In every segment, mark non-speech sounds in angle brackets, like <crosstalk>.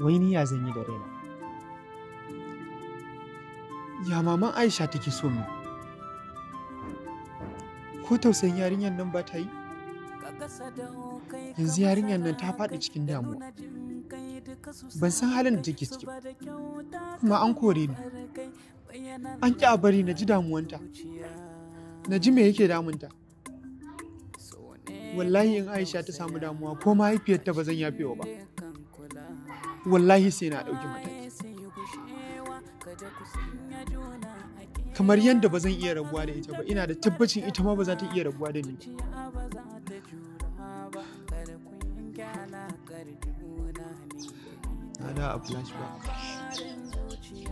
wai ni ya zan yi da raina ya maman aisha take so mu ko tausayin yarinyar nan ba ta yi yanzu yarinyar nan ta faɗi cikin damuwa ban san halin da take ciki kuma an kore ni an ƙi a bari na ji damuwanta na ji me yake damunta wallahi in aisha ta samu damuwa ko mahaifiyarta ba zan yafewa ba wallahi sai na ɗauki mataki kamar yadda ba zan iya rabuwa da ita ba ina da tabbacin ita ma ba za ta iya rabuwa da ni na da a flashback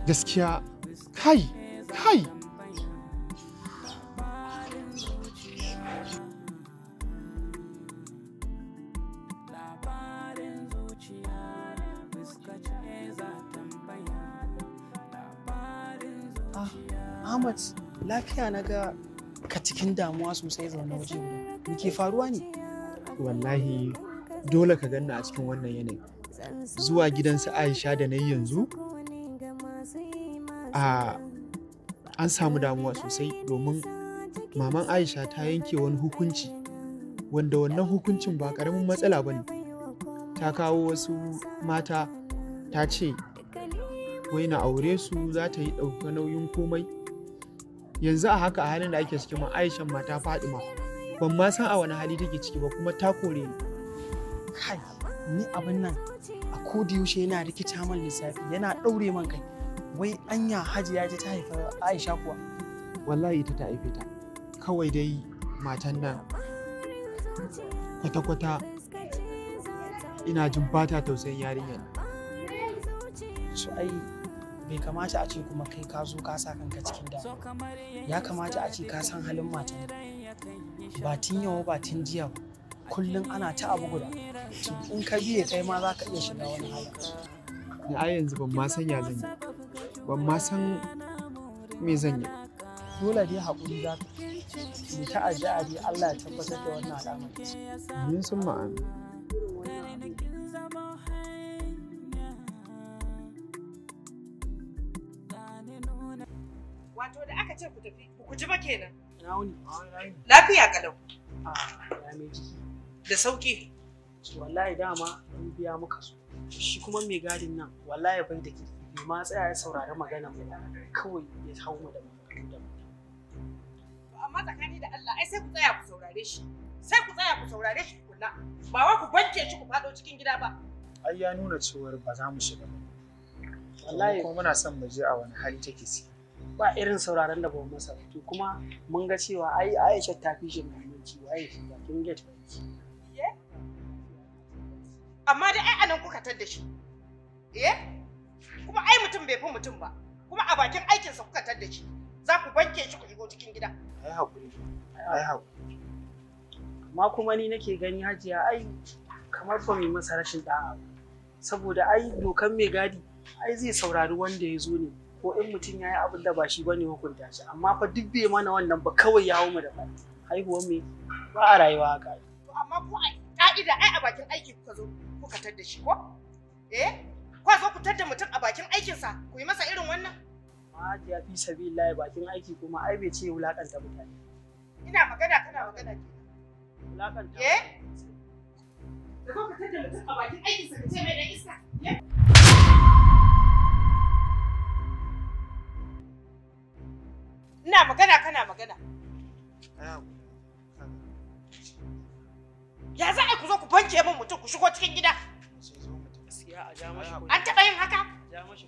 gaskiya kai kai Ahmad lafiya na ga ka cikin damuwa sosai zaune waje guda. ke faruwa ne? Wallahi dole ka ganna a cikin wannan yanayi. Zuwa gidansa Aisha da na yanzu? A an samu damuwa sosai domin maman Aisha ta yanke wani hukunci wanda wannan hukuncin ba karamin matsala ba ne. Ta kawo wasu mata ta ce wai na aure su za ta yi ɗauka nauyin komai yanzu a haka a halin da ake ciki ma mata fadima ban ma san a wani hali take ciki ba kuma ta kore ni kai ni abin nan a kodi yaushe yana rikita man lissafi yana daure man kai wai anya hajiya ta haifa aisha kuwa wallahi ita ta haife ta kawai dai matan nan kwata-kwata ina jin ba ta tausayin yarinyar su ai bai kamata a ce kuma kai ka zo ka sa kanka cikin da ya kamata a ce ka san halin matan ba tun yawa ba tun jiya ba kullum ana ta abu guda in ka biye kai ma za ka iya shiga wani hali a yanzu ban ma san ya zan yi ban ma san me zan yi dole dai haƙuri za ka yi ta addu'a Allah ya tabbatar da wannan al'amari mun sun ma'ana da sauki ce wallahi dama an biya muka su shi kuma mai gadin nan wallahi bai da ki ma tsaya ya saurari magana mu kawai ya hau mu da mu amma tsakani da Allah ai sai ku tsaya ku saurare shi sai ku tsaya ku saurare shi kula ba wa ku banke shi ku fado cikin gida ba ai ya nuna cewar ba za mu shiga ba wallahi kuma muna son mu je a wani hali take si ba irin sauraron da ba mu masa to kuma mun ga cewa ai Aisha ta fi shi muhimmanci waye shi bakin ta. ba amma dai ai anan kuka tar da shi eh kuma ai mutum bai fi mutum ba kuma a bakin aikinsa kuka tar da shi za ku banke shi ku shigo cikin gida ai hakuri ai hakuri amma kuma ni nake gani hajiya ai kamar fa mai masa rashin da'a saboda ai dokan mai gadi ai zai saurari wanda ya zo ne ko in mutum ya yi abin da ba shi ba ne hukunta shi amma fa duk bai mana wannan ba kawai ya mu da haihuwar mai ba a rayuwa haka amma ko ai ka'ida ai a bakin aiki kuka zo kuka katar da shi ko? Eh? ku zo ku tar da mutum a bakin aikinsa ku yi masa irin wannan? Ma'aji ya fi sabilillahi bakin aiki kuma ai bai ce wulakanta mutane. Ina magana kana magana ke. Wulakanta. Eh? Da zo ka mutum a bakin aikinsa ka ce mai dan iska. Eh? Ina magana kana magana. Ah. Ya za a ku zo ku banke min mutum ku shigo cikin gida. An taɓa yin haka? Ya mashi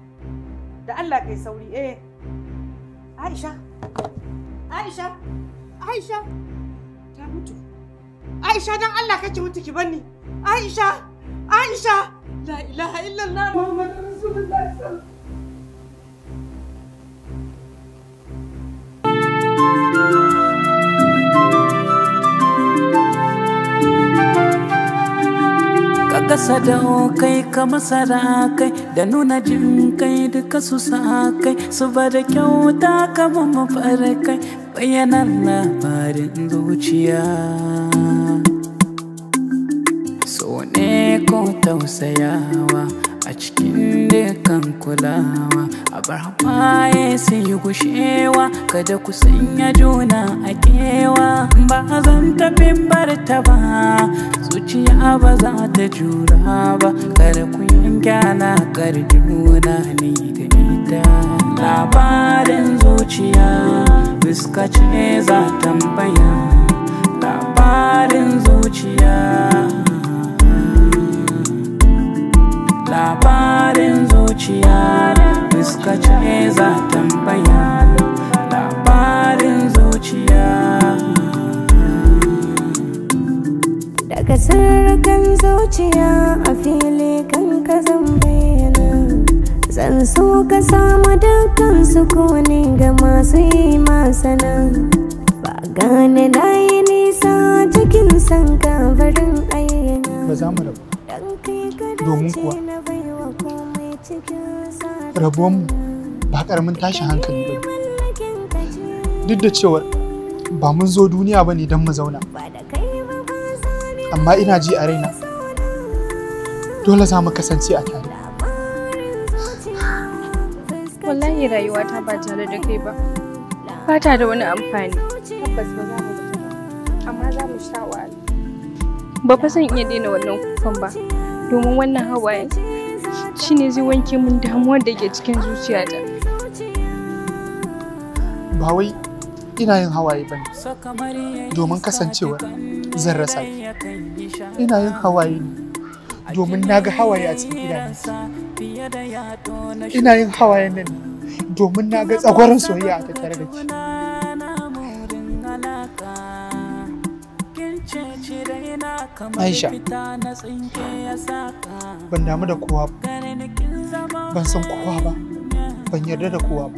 da Allah kai sauri eh Aisha Aisha Aisha ta mutu Aisha dan Allah kake mutu ki banni Aisha Aisha la ilaha illallah Muhammadur Rasulullah sallallahu kasa da kai masara kai da nuna jin kai duka su sa kai su bada kyauta kama mafarkai bayanan labarin zuciya so ne ko tausayawa a cikin dukan kulawa Abrahama ya si yi gushewa kada ku sanya juna a kewa ba zan tafi barta ba zuciya ba za ta jura ba kada ku yanka na kar juna ni da ita labarin zuciya fuska ce za tambaya labarin zuciya labarin zuciya fuska ce za tambaya labarin zuciya daga sirrikan zuciya a fili kan ka bayyana zan so ka samu dukkan sukuni ga masu yi masana ba gane na yi nisa cikin san barin ayyana ba za mu baiwa domin kuwa cikin rabuwanmu ba ƙaramin tashin hankali ba duk da cewa ba mun zo duniya ba ne don mu zauna amma ina ji a raina dole za mu kasance a tare wallahi rayuwata ba tare da kai ba ba ta da wani amfani tabbas ba za mu amma za mu sha ba fa zan iya daina wannan kukan ba domin wannan hawaye. shi ne zai wanke min damuwar da ke cikin zuciyata. Ba wai ina yin hawaye ba domin kasancewa zan rasa ki. Ina yin hawaye ne domin na ga hawaye a cikin idanunki. Ina yin hawaye nan domin na ga tsagwaron soyayya a tattare da ki. Aisha, ban damu da kowa ba. ban san kowa ba ban yarda da kowa ba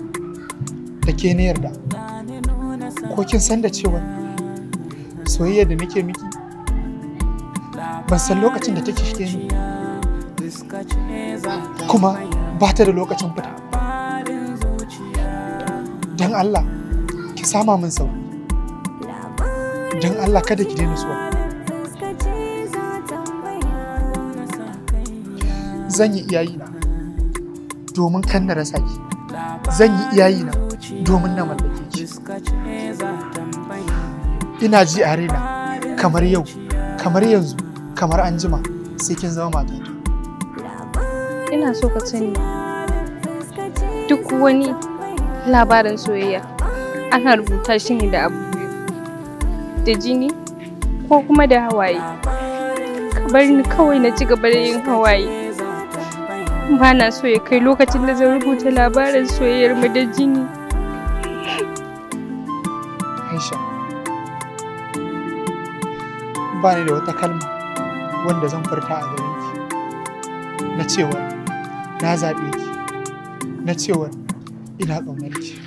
da ke ni yarda ko kin san da cewa soyayya da nake miki ban san lokacin da take shige ni kuma ba ta da lokacin fita don Allah ki sama min sau don Allah kada ki daina suwa zan yi iyayi na domin kan na rasa ki zan yi iyayi na domin na mallake ki ina ji a raina kamar yau kamar yanzu kamar an jima sai kin zama mata ina so ka sani duk wani labarin soyayya ana rubuta shi ne da abu da jini ko kuma da hawaye ka bar ni kawai na ci gaba da yin hawaye ba na so ya kai lokacin da zan rubuta labarin soyayyar mu da jini aisha ba ni da wata kalma wanda zan furta a gare ki na cewa na zaɓe ki na cewa ina ƙaunar ki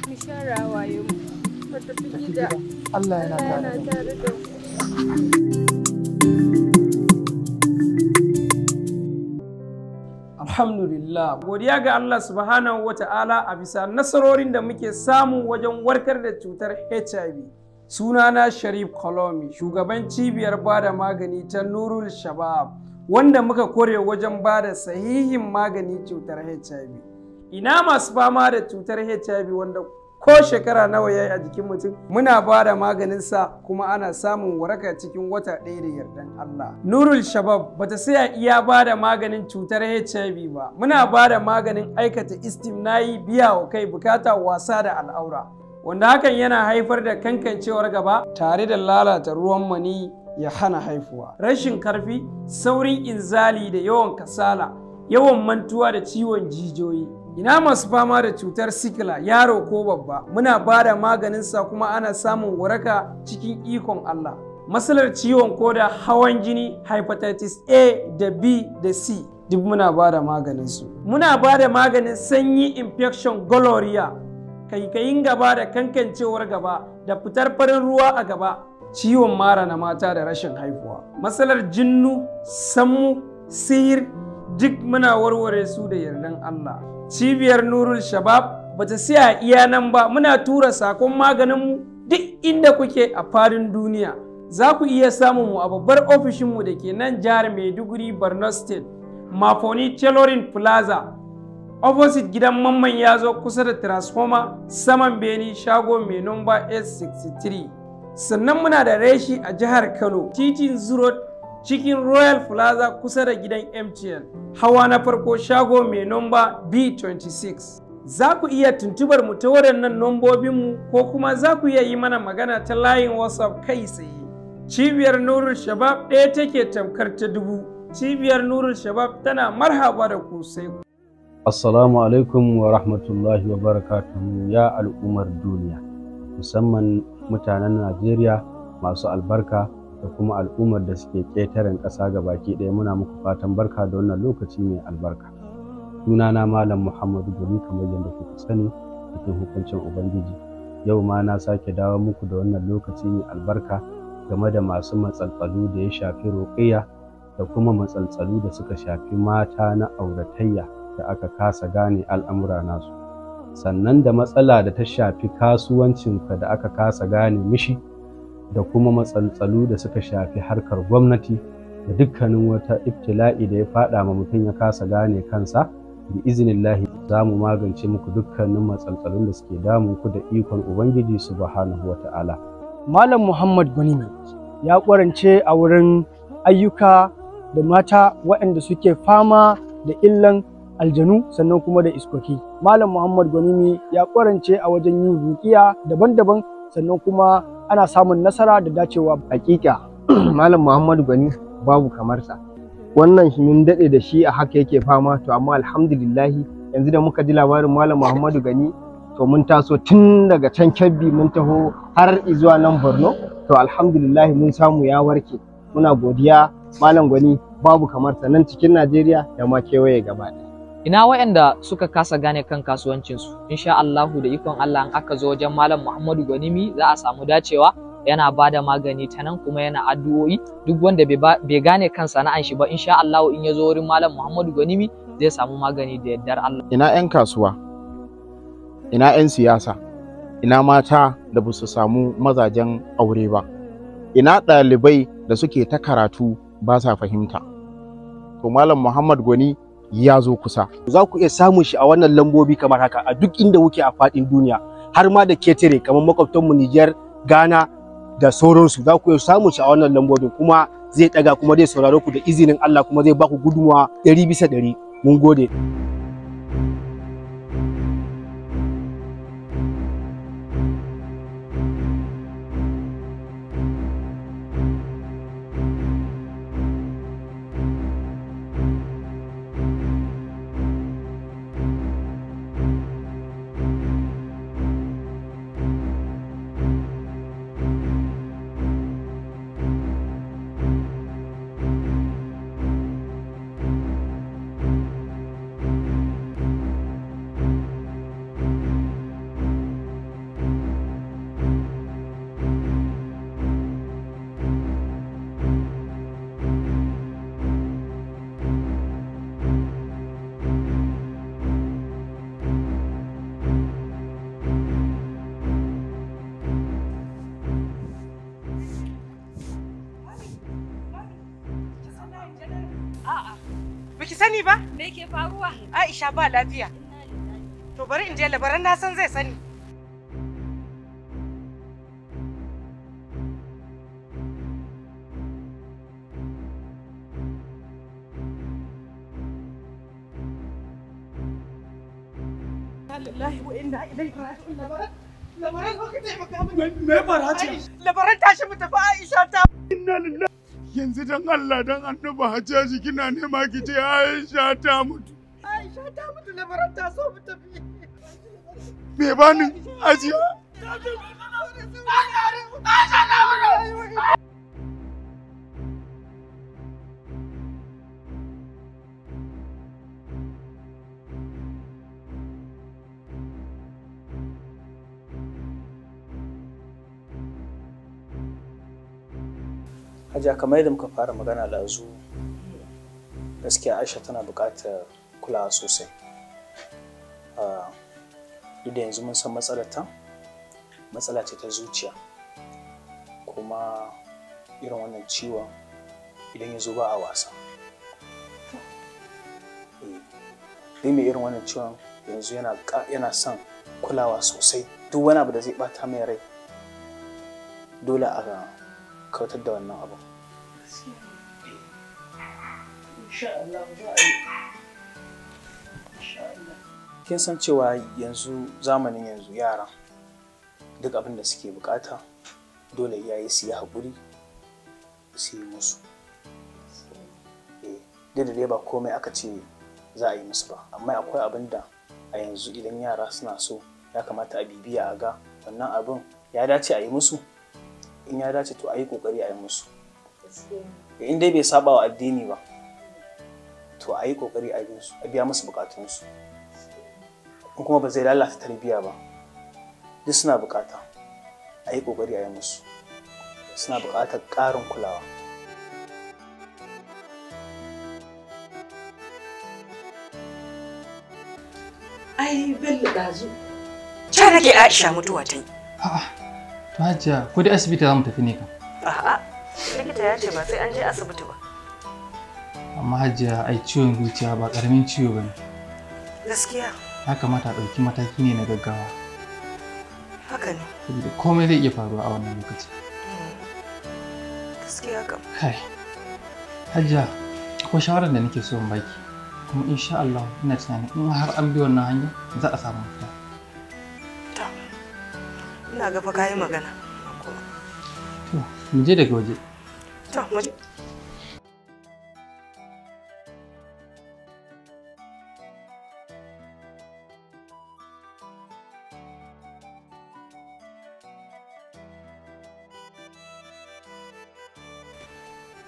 Allah yana tare da mu. alhamdulillah godiya ga Allah subhanahu wa ta'ala a bisa nasarorin da muke samu wajen warkar da cutar HIV sunana Sharif Kolomi shugaban cibiyar bada magani ta Nurul Shabab wanda muka kore wajen bada sahihin magani cutar HIV ina masu fama da cutar HIV wanda ko shekara nawa yayi a jikin mutum muna ba da sa kuma ana samun waraka cikin wata ɗaya da yardan Allah. Nurul Shabab bata saya iya ba da maganin cutar HIV ba. Muna ba da maganin aikata istimnayi biya wa kai bukata wasa da al'aura. Wanda hakan yana haifar da kankancewar gaba tare da lalata ruwan mani ya hana haifuwa. Rashin karfi, saurin inzali da yawan kasala, yawan mantuwa da ciwon jijiyoyi. ina masu fama da cutar sikila yaro ko babba muna ba da maganinsa kuma ana samun waraka cikin ikon Allah matsalar ciwon koda hawan jini hepatitis a da b da c duk muna ba da maganinsu muna ba da maganin sanyi infection gonorrhea kaikayin gaba da kankancewar gaba da fitar farin ruwa a gaba ciwon mara na mata da rashin haihuwa matsalar jinnu sammu sihir duk muna warware su da yardan Allah cibiyar nurul shabab bata siya iya nan ba muna tura sakon maganinmu duk inda kuke a fadin duniya za ku iya samun mu a babbar ofishinmu da ke nan jihar maiduguri borno state mafoni tailoring plaza opposite gidan mamman ya zo kusa da transformer saman beni shago mai nomba s63 sannan muna da reshi a jihar kano titin zurot cikin royal plaza kusa da gidan mtn hawa na farko shago mai nomba b26 za ku iya tuntubar mu ta waɗannan mu ko kuma za ku iya yi mana magana ta layin whatsapp kai tsaye cibiyar nurul shabab ɗaya take tamkar ta dubu cibiyar nurul shabab tana marhaba da ku sai ku assalamu alaikum wa rahmatullahi wa barakatuhu ya al'ummar duniya musamman mutanen najeriya masu albarka da kuma al'ummar da suke ƙetaren ƙasa ga baki ɗaya muna muku fatan barka da wannan lokaci mai albarka sunana malam muhammadu guri kamar yadda kuka sani cikin hukuncin ubangiji yau ma na sake dawo muku da wannan lokaci mai albarka game da masu matsaltsalu da ya shafi roƙiya da kuma matsaltsalu da suka shafi mata na auratayya da aka kasa gane al'amura nasu sannan da matsala da ta shafi kasuwancinka da aka kasa gane mishi da kuma matsaltsalu da suka shafi harkar gwamnati da dukkanin wata ibtila'i da ya fada ma mutum ya kasa gane kansa bi iznillahi za mu magance muku dukkanin matsaltsalun da suke damun ku da ikon ubangiji subhanahu wata'ala malam muhammad gwanimi ya kwarance a wurin ayyuka da mata waɗanda suke fama da illan aljanu sannan kuma da iskoki malam muhammad gwanimi ya kwarance a wajen yin rukiya daban-daban sannan kuma ana samun nasara da dacewa hakika <clears throat> malam muhammadu gani babu kamarsa wannan mun daɗe da shi a haka yake fama to amma alhamdulillah yanzu da muka ji labarin malam muhammadu gani to mun taso tun daga can kebbi mun taho har zuwa nan borno to alhamdulillah mun samu ya warke muna godiya malam gwani babu kamarsa nan cikin najeriya da ma kewaye gaba ɗaya ina waɗanda suka kasa gane kan kasuwancinsu insha Allahu da ikon Allah in aka zo wajen malam Muhammadu Gwanimi za a samu dacewa yana bada magani ta nan kuma yana addu'o'i duk wanda bai gane kan sana'an shi ba insha Allahu in ya zo wurin malam Muhammadu Gwanimi zai samu magani da yardar Allah ina 'yan kasuwa ina 'yan siyasa ina mata da ba su samu mazajen aure ba ina ɗalibai da suke ta karatu ba sa fahimta to malam Muhammad Gwani ya zo kusa. Za ku iya samun shi a wannan lambobi kamar haka a duk inda kuke a faɗin duniya har ma da ketare kamar makwabtanmu Nijar, Ghana da sauransu za ku iya samun shi a wannan lambobin kuma zai ɗaga kuma zai sauraro ku da izinin Allah kuma zai ba ku gudunmawa ɗari bisa ɗari. Mun gode. Me ke faruwa? Aisha ba lafiya. To bari in je labaran na san zai sani. Lillahi wa inna ilaihi raji'un labaran labaran ka taimaka min. Me Labaran tashi mu tafi Aisha ta. Inna lillahi yanzu don Allah don annuba hajjaji kina nema ki ce Aisha ta mutu Aisha ta mutu labaran ta so mu tafi Me bani ajiya Aisha ta mutu Khadija kamar yadda muka fara magana da ɗazu gaskiya Aisha tana buƙatar kulawa sosai. Ah, duk da yanzu mun san matsalar ta, matsala ce ta zuciya. Kuma irin wannan ciwon idan ya zo ba a wasa. Eh, Dai mai irin wannan ciwon yanzu yana son kulawa sosai. Duk wani abu da zai bata mai rai dole a kautar da wannan abu. Kin san cewa yanzu zamanin yanzu yara duk abin da suke bukata dole iyaye su yi haƙuri su yi musu. Eh, da dai ba komai aka ce za a yi musu ba, amma akwai abin da a yanzu idan yara suna so ya kamata a bibiya a ga wannan abin ya dace a yi musu, in ya dace to a yi ƙoƙari a yi musu. in dai bai saba wa addini ba to a yi kokari a biya musu bukatunsu in kuma ba zai lalata tarbiyya ba duk suna bukata a yi kokari a yi musu suna bukatar ƙarin kulawa ai bello ɗazu can nake aisha mutuwa ta yi a'a to hajiya ko dai asibiti za mu tafi ne kan a'a likita ya ce ba sai an je asibiti ba amma hajiya ai ciwon zuciya ba karamin ciwo bane gaskiya ya kamata a ɗauki mataki ne na gaggawa haka ne saboda komai zai iya faruwa a wannan lokaci hmm. gaskiya kam kai hajiya akwai shawarar da nake so in baki kuma insha Allah ina tunanin in har an bi wannan hanya za a samu mafita ina ga fa kayi magana mu je daga waje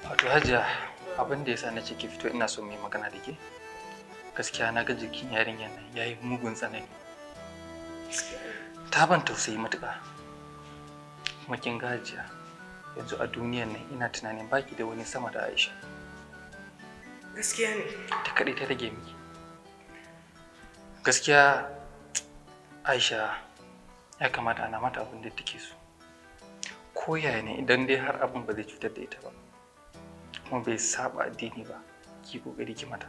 Wato Hajiya, abin da yasa ce ki fito ina so mu yi magana da ke. Gaskiya na ga jikin yarinyar nan yayi mugun tsanani. Ta ban tausayi matuƙa. Kuma kin ga Hajiya, yanzu a duniyan nan ina tunanin baki da wani sama da Aisha. Gaskiya ne. Ta kaɗai ta rage miki. Gaskiya Aisha ya kamata ana mata abin da take so. Ko yaya ne idan dai har abin ba zai cutar da ita ba. Kuma bai saba addini ba, ki kokari ki mata.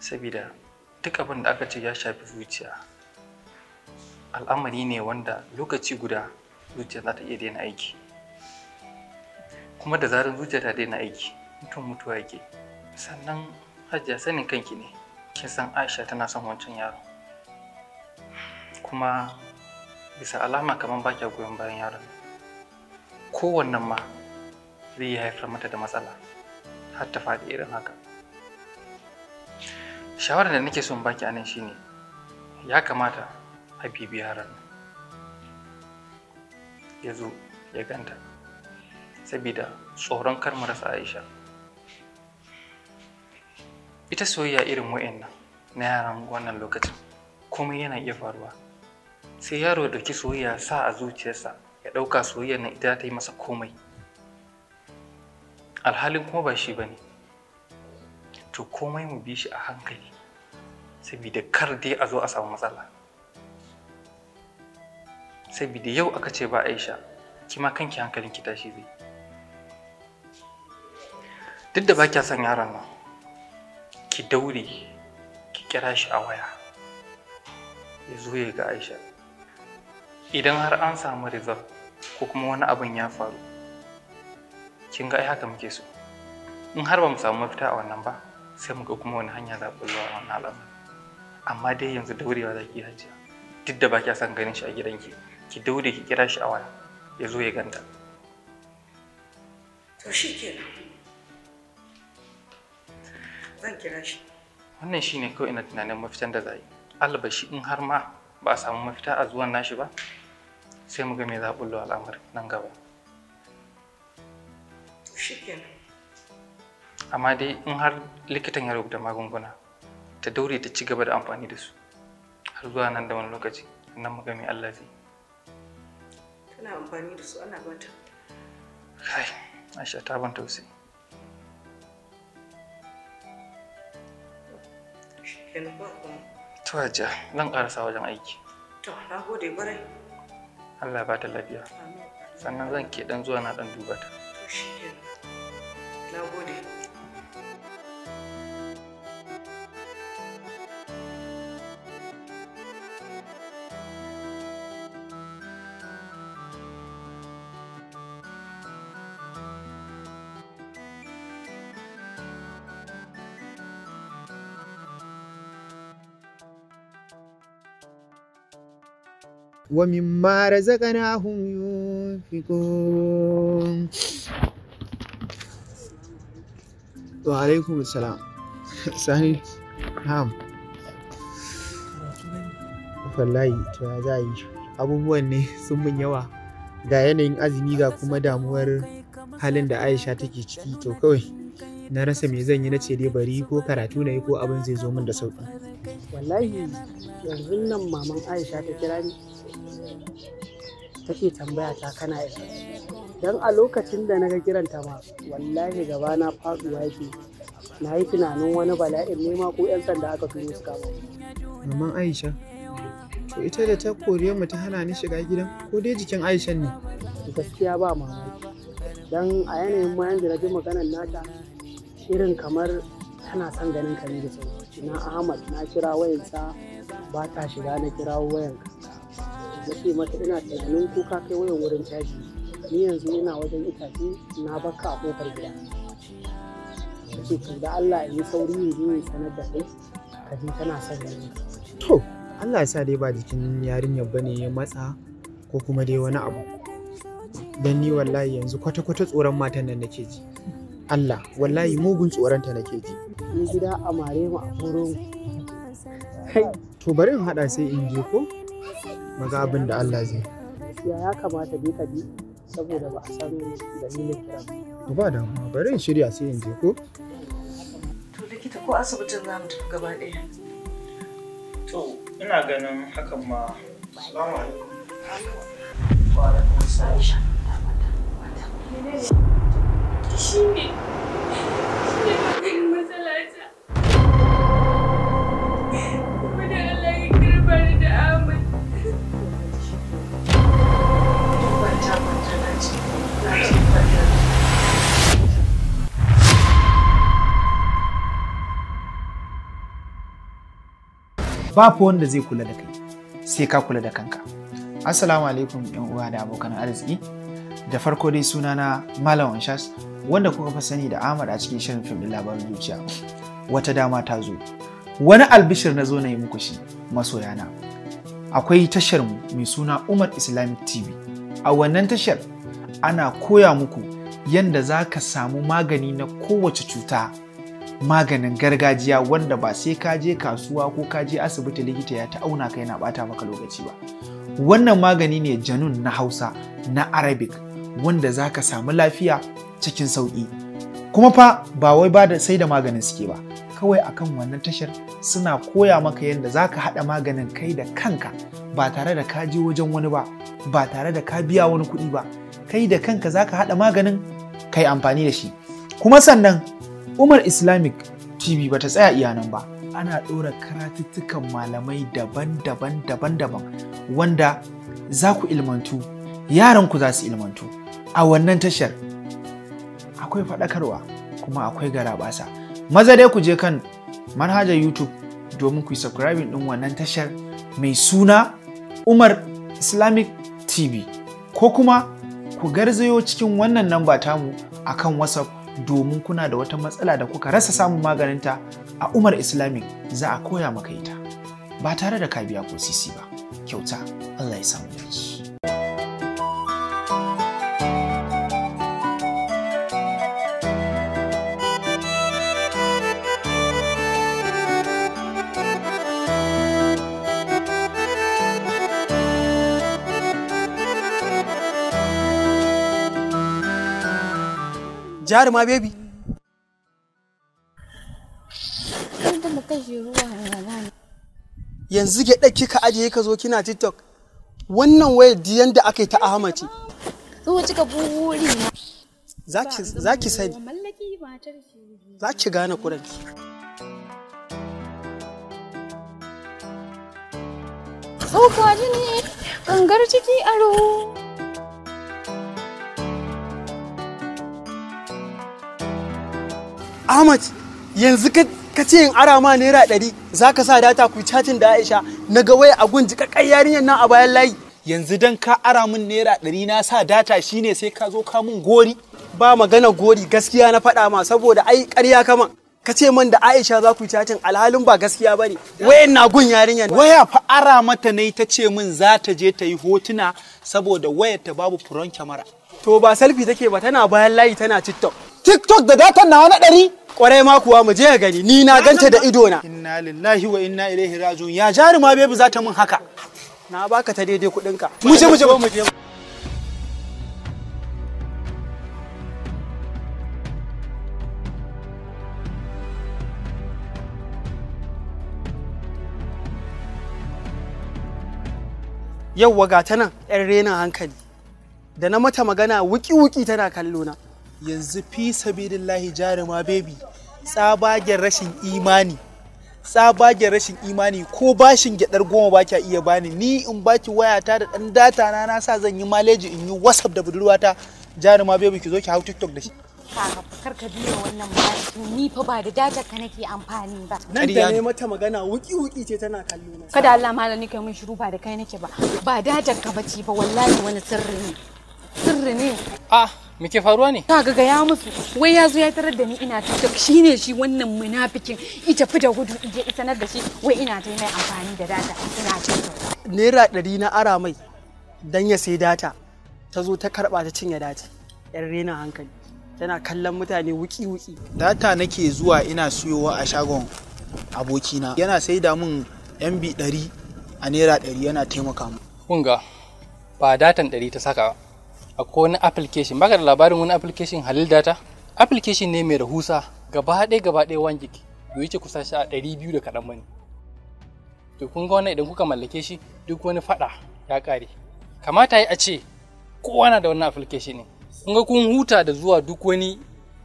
Sabida duk abin da aka ce ya shafi zuciya al'amari ne wanda lokaci guda zuciya za ta iya daina aiki. kuma da zarar zuciya ta daina aiki mutum mutuwa yake sannan hajiya sanin kanki ne kin san aisha tana son wancan yaro. kuma bisa alama kamar ba kya goyon bayan yaron Kowannan ma zai yi haifar mata da matsala har ta faɗi irin haka shawarar da nake son baki anan shine ya kamata a bibi yaron ya zo ya ganta saboda tsoron kar mu rasa Aisha. Ita soyayya irin wa'annan na yaran wannan lokacin komai yana iya faruwa. Sai yaro ya ɗauki soyayya sa a zuciyarsa ya ɗauka soyayyar na ita ta yi masa komai. Alhalin kuma ba shi ba ne. To komai mu bi shi a hankali saboda kar dai a zo a samu matsala. Saboda yau aka ce ba Aisha, kima kanki hankalinki tashi zai. duk da ba kya son yaron nan ki daure ki kira shi a waya ya zo ya ga aisha idan har an samu result ko kuma wani abin ya faru kin ga ai haka muke so in har ba mu samu mafita a wannan ba sai mu ga kuma wani hanya za ku zuwa wannan al'amari amma dai yanzu daurewa za ki hajiya duk da ba kya son ganin shi a gidanki ki daure ki kira shi a waya ya zo ya ganta to shikenan zan kira shi wannan shine kawai ina tunanin mafitan da zai albashi in har ma ba a samu mafita a zuwan nashi ba sai mu ga me za a bullo al'amari nan gaba shikenan amma dai in har likitan ya rubuta magunguna ta daure ta ci gaba da amfani da su har zuwa nan da wani lokaci nan mu ga me Allah zai tana amfani da su ana bata kai Aisha ta ban tausayi kenan ba kuma. To Hajiya, zan ƙarasa wajen aiki. To, na gode ƙwarai. Allah ba ta lafiya. Sannan zan ke ɗan zuwa na ɗan duba ta. To shi ومما رزقناهم ينفقون وعليكم السلام sani na'am wallahi to ya abubuwan ne sun mun yawa ga yanayin azumi ga kuma damuwar halin da aisha take ciki to kawai na rasa me zan yi na ce dai bari ko karatu na yi ko abin zai zo min da sauki wallahi yanzu nan maman aisha ta kira ni take tambaya ta kana ina don a lokacin da na ga kiranta ma wallahi gaba na faɗuwa yake na yi tunanin wani bala'in nema ko 'yan sanda aka turo su kama Maman Aisha, to ita da ta koriye mu ta hana ni shiga gidan ko dai jikin Aisha ne? Gaskiya ba mamaki. Don a yanayin bayan da na ji maganar nata irin kamar tana son ganin ka ne da Na Ahmad na kira wayansa ba ta shiga na kirawo wayanka. na ce mata ina tunanin kuka kai wayan wurin caji ni yanzu ina wajen itace na baka a kofar gida ta ce to da Allah yi sauri yin yi sanar da kai ka ji tana son ni to Allah ya sa dai ba jikin yarinyar bane ya matsa ko kuma dai wani abu dan ni wallahi yanzu kwata-kwata tsoron matan nan nake ji Allah wallahi mugun ta nake ji ni gida a mare mu a horon to bari in hada sai in je ko maga abin da Allah zai ya kamata bi ka bi saboda ba a san dalilin kira ba ba ma bari in shirya sai in je ko to likita ko asibitin za mu tafi gaba ɗaya to ina ganin hakan ma salamu alaikum wa alaikum salam ba wanda zai kula da kai sai ka kula da kanka assalamu alaikum yan uwa da abokan arziki da farko dai sunana malam Shas, wanda kuka fa sani da ahmad a cikin shirin fim labarin zuciya wata dama ta zo wani albishir na zo na yi muku shi masoya na. akwai tashar mu mai suna umar islamic tv a wannan tashar ana koya muku yanda za ka samu magani na kowace cuta maganin gargajiya wanda ba sai ka je kasuwa ko ka je asibiti likita ya ta auna ka yana bata maka lokaci ba wannan magani ne janun na hausa na arabic wanda za ka samu lafiya cikin sauƙi kuma fa ba wai ba da sai da maganin suke ba kawai akan wannan tashar suna koya maka yadda za ka haɗa maganin kai da kanka ba tare da ka je wajen wani ba ba tare da ka biya wani kuɗi ba kai da kanka za ka haɗa maganin kai amfani da shi kuma sannan Umar Islamic TV ba ta tsaya iya nan ba. Ana ɗora karatuttukan malamai daban-daban daban-daban wanda za ku ilmantu, yaranku za su ilmantu. A wannan tashar akwai faɗakarwa kuma akwai garabasa. Maza dai ku je kan manhajar YouTube domin ku yi subscribing ɗin wannan tashar mai suna Umar Islamic TV ko kuma ku garzayo cikin wannan namba tamu akan WhatsApp domin kuna da wata matsala da kuka rasa samun maganinta a Umar Islamic za a koya maka ita ba tare da ka biya ko sisi ba kyauta Allah ya samu dace jaruma baby yanzu ke kika ajiye ka zo kina tiktok wannan wayar di yanda aka yi ta ahmad ce zuwa cika buri za ki sani za ki gane kuranki tsoka jini gangar ciki aro Ahmad yanzu ka ce in ara ma naira ɗari za ka sa data ku cacin da Aisha na ga waya a gun jikakkan yarinyar nan a bayan layi. Yanzu dan ka ara min naira ɗari na sa data shine sai ka zo ka min gori. Ba magana gori gaskiya na faɗa ma saboda ai ƙarya kama. Ka ce man da Aisha za ku chatting alhalin ba gaskiya ba ne. Wayan na gun yarinyar. Waya fa ara mata ne ta ce min za ta je ta yi hotuna saboda wayar ta babu furon kyamara. To ba selfie take ba tana bayan layi tana TikTok. TikTok da datan nawa na ɗari? kwarai ma kuwa mu je gani ni na ganta da ido na inna lillahi wa inna ilaihi rajiun ya jaruma bebi za ta mun haka na baka ta daidai kudin ka mu je mu je mu je Yau waga ta nan 'yan rena hankali, da na mata magana wuki-wuki tana kallo na. yanzu fi sabidillahi jarima bebi tsabagen rashin imani tsabagen rashin imani ko bashin gyadar goma ba kya iya bani ni in baki wayata da dan data na na sa zan yi maleji in yi whatsapp da budurwata jarima bebi ki zo ki hau tiktok da shi kar ka biya wannan bashi ni fa ba da data ka nake amfani ba nan da ne mata magana wuki wuki ce tana kallo na kada Allah malami kai mun shiru ba da kai nake ba ba data ka bace ba wallahi wani sirri ne sirri ne ah muke faruwa ne ka ga ya musu wai ya zo ya tarar da ni ina ta shine shi wannan munafikin ita fi da gudu ije ita sanar da shi wai ina ta mai amfani da data ina ta. naira ɗari na ara mai dan ya sai data ta zo ta karba ta cinye data yan rena hankali tana kallon mutane wuki wuki data nake zuwa ina siyowa a shagon abokina yana sai da mun mb 100 a naira 100 yana taimaka mu kunga ba datan 100 ta saka akwai wani application baka da labarin wani application halil data application ne mai rahusa gaba ɗaya gaba ɗaya wan gig bai ce kusa sha ɗari biyu da kaɗan bane to kun ga wannan idan kuka mallake shi duk wani faɗa ya ƙare kamata yi a ce kowa na da wannan application ne kun ga kun huta da zuwa duk wani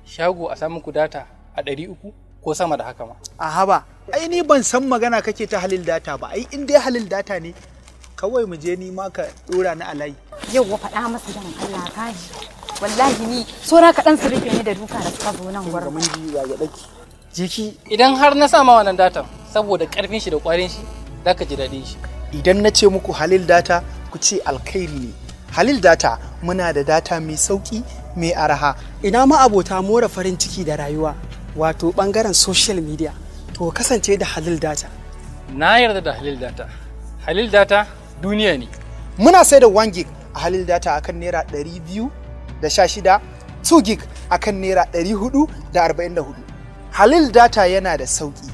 shago a samu ku data a ɗari uku ko sama da haka ma a haba ai ni ban san magana kake ta halil data ba ai in dai halil data ne kawai mu je ni ma ka ɗora ni a layi yau wa faɗa masa dan Allah kai wallahi ni saura kaɗan su rufe ni da duka da suka zo nan gurin mun ji ya jiki idan har na sa ma wannan data saboda karfin shi da kwarin shi ka ji daɗin shi idan na ce muku halil data ku ce alkhairi ne halil data muna da data mai sauki mai araha ina ma abota more farin ciki da rayuwa wato bangaren social media to kasance da halil data na yarda da halil data halil data duniya ne muna sai da 1 gig halil data akan naira 216 2 gig akan naira 444 halil data yana da sauki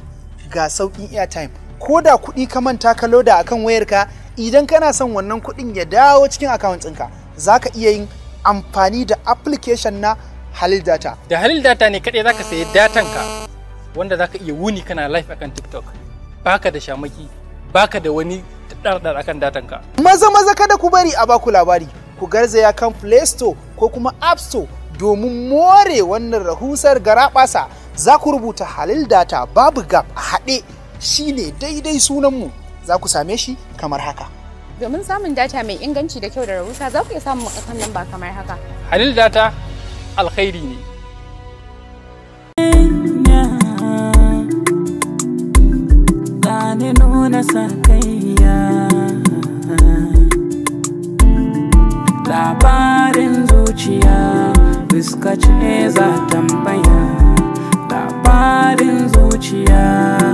ga saukin airtime ko da kuɗi ka manta ka loda akan wayarka idan kana son wannan kuɗin ya dawo cikin account ɗinka za ka iya yin amfani da application na halil data da halil data ne kaɗai za ka sayi datanka wanda za ka iya wuni kana live akan tiktok baka da shamaki baka da wani ɗarɗar akan datan ka. Maza maza kada ku bari a baku labari ku garzaya kan Play Store ko kuma App Store domin more wannan rahusar garaɓasa za ku rubuta halil data babu gap a haɗe shine daidai sunanmu za ku same shi kamar haka. Domin samun data mai inganci da kyau da rahusa za ku iya samun kasan nan ba kamar haka. Halil data alkhairi ne. ne nuna sa labarin zuciya ne za tambaya labarin zuciya